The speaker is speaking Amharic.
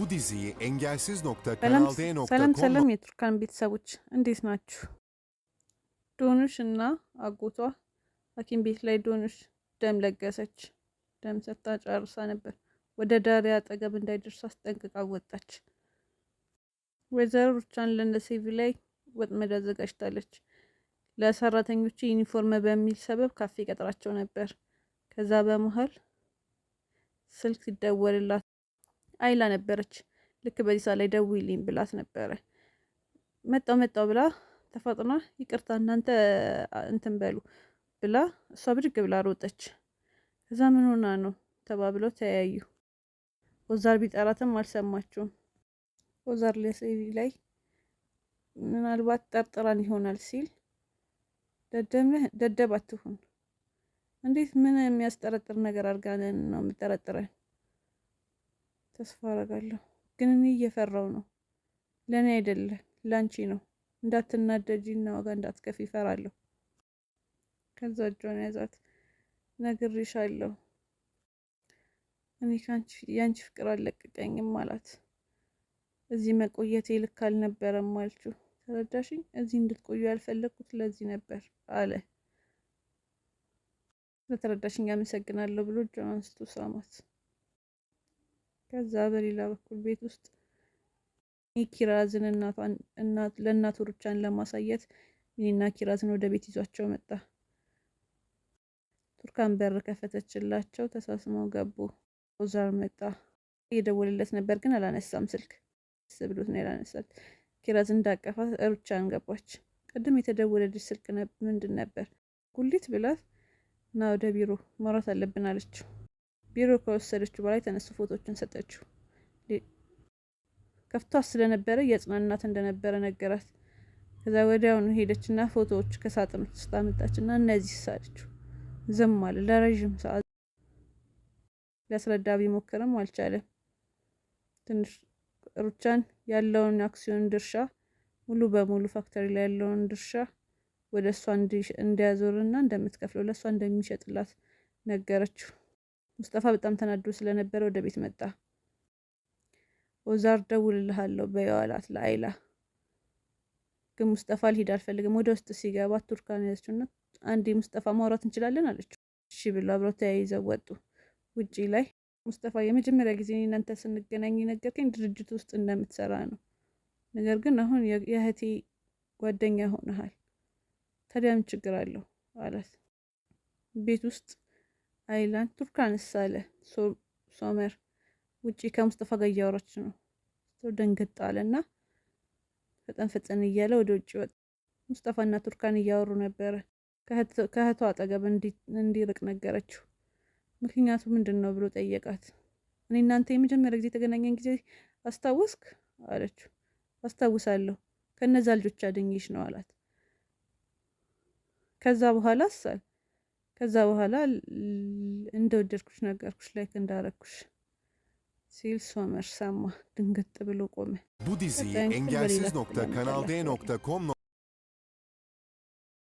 Bu diziyi nokta Selam የቱርካን ቤተሰቦች እንዴት ናችሁ? ዶኑሽ እና አጎቷ ሐኪም ቤት ላይ ዶኑሽ ደም ለገሰች። ደም ሰጥታ ጨርሳ ነበር። ወደ ዳሪ አጠገብ እንዳይደርስ አስጠንቅቃ ወጣች። ወይዘሮ ሩቻን ለነሴቪ ላይ ወጥመድ አዘጋጅታለች። ለሰራተኞቹ ዩኒፎርም በሚል ሰበብ ካፌ ቀጥራቸው ነበር። ከዛ በመሀል ስልክ ሲደወልላት አይላ ነበረች። ልክ በዚህ ሰዓት ላይ ደውይልኝ ብላት ነበረ። መጣው መጣው ብላ ተፈጥና ይቅርታ እናንተ እንትን በሉ ብላ እሷ ብድግ ብላ ሮጠች። ከዛ ምን ሆና ነው ተባብለው ተያዩ። ወዛር ቢጠራትም አልሰማችውም። ወዛር ለሴሪ ላይ ምናልባት ጠርጥራን ይሆናል ሲል ደደብ አትሁን እንዴት ምን የሚያስጠረጥር ነገር አድርጋን ነው የምጠረጥረን ተስፋ አረጋለሁ። ግን እኔ እየፈራው ነው። ለእኔ አይደለ ለአንቺ ነው። እንዳትናደጂ እና ዋጋ እንዳትከፊ ይፈራለሁ። ከዛ እጇን ያዛት። ነግሬሻለሁ እኔ የአንቺ ፍቅር አልለቀቀኝም አላት። እዚህ መቆየቴ ልክ አልነበረም አልችው። ተረዳሽኝ? እዚህ እንድትቆዩ ያልፈለግኩት ለዚህ ነበር አለ። ስለተረዳሽኝ አመሰግናለሁ ብሎ እጇን አንስቶ ሳማት። ከዛ በሌላ በኩል ቤት ውስጥ ኪራዝን ለእናቱ ሩቻን ለማሳየት ሚኒና ኪራዝን ወደ ቤት ይዟቸው መጣ። ቱርካን በር ከፈተችላቸው፣ ተሳስመው ገቡ። ኦዛር መጣ። እየደወለለት ነበር ግን አላነሳም ስልክ ብሎት ነው ያላነሳት። ኪራዝ እንዳቀፋ ሩቻን ገባች። ቅድም የተደወለልሽ ስልክ ምንድን ነበር? ጉሊት ብላት ና ወደ ቢሮ ማውራት አለብን አለችው። ቢሮ ከወሰደችው በኋላ የተነሱ ፎቶችን ሰጠችው። ከፍቷት ስለነበረ የጽናናት እንደነበረ ነገራት። ከዛ ወዲያውኑ ሄደችና ፎቶዎች ከሳጥን ውስጥ አመጣችና እነዚህ ሳለችው። ዝም አለ። ለረዥም ሰዓት ሊያስረዳ ቢሞክርም አልቻለም። ትንሽ ሩቻን ያለውን አክሲዮን ድርሻ ሙሉ በሙሉ ፋክተሪ ላይ ያለውን ድርሻ ወደ እሷ እንዲያዞርና እንደምትከፍለው ለእሷ እንደሚሸጥላት ነገረችው። ሙስጠፋ በጣም ተናዶ ስለነበረ ወደ ቤት መጣ። ወዛር ደውልልሃለሁ በይው ለአይላ። ግን ሙስጠፋ ልሂድ አልፈልግም። ወደ ውስጥ ሲገባ ቱርካን ያለችው እና አንዴ ሙስጠፋ ማውራት እንችላለን አለችው። እሺ ብሎ አብረው ተያይዘው ወጡ። ውጪ ላይ ሙስጠፋ የመጀመሪያ ጊዜ እናንተ ስንገናኝ ነገርከኝ ድርጅት ውስጥ እንደምትሰራ ነው። ነገር ግን አሁን የእህቴ ጓደኛ ሆነሃል። ታዲያ ምን ችግር አለው አላት ቤት ውስጥ አይላንድ ቱርካንስ አለ ሶመር ውጪ ከሙስጠፋ ጋር እያወራች ነው። ደንገጥ አለ እና ፈጠን ፈጠን እያለ ወደ ውጭ ወጣ። ሙስጠፋ እና ቱርካን እያወሩ ነበረ። ከእህቷ አጠገብ እንዲርቅ ነገረችው። ምክንያቱ ምንድን ነው ብሎ ጠየቃት። እኔ እናንተ የመጀመሪያ ጊዜ የተገናኘን ጊዜ አስታወስክ አለችው። አስታውሳለሁ ከነዛ ልጆች አድኝሽ ነው አላት። ከዛ በኋላ አሳል ከዛ በኋላ እንደወደድኩሽ ነገርኩሽ፣ ላይክ እንዳረግኩሽ ሲል ሶመር ሰማ። ድንግጥ ብሎ ቆመ።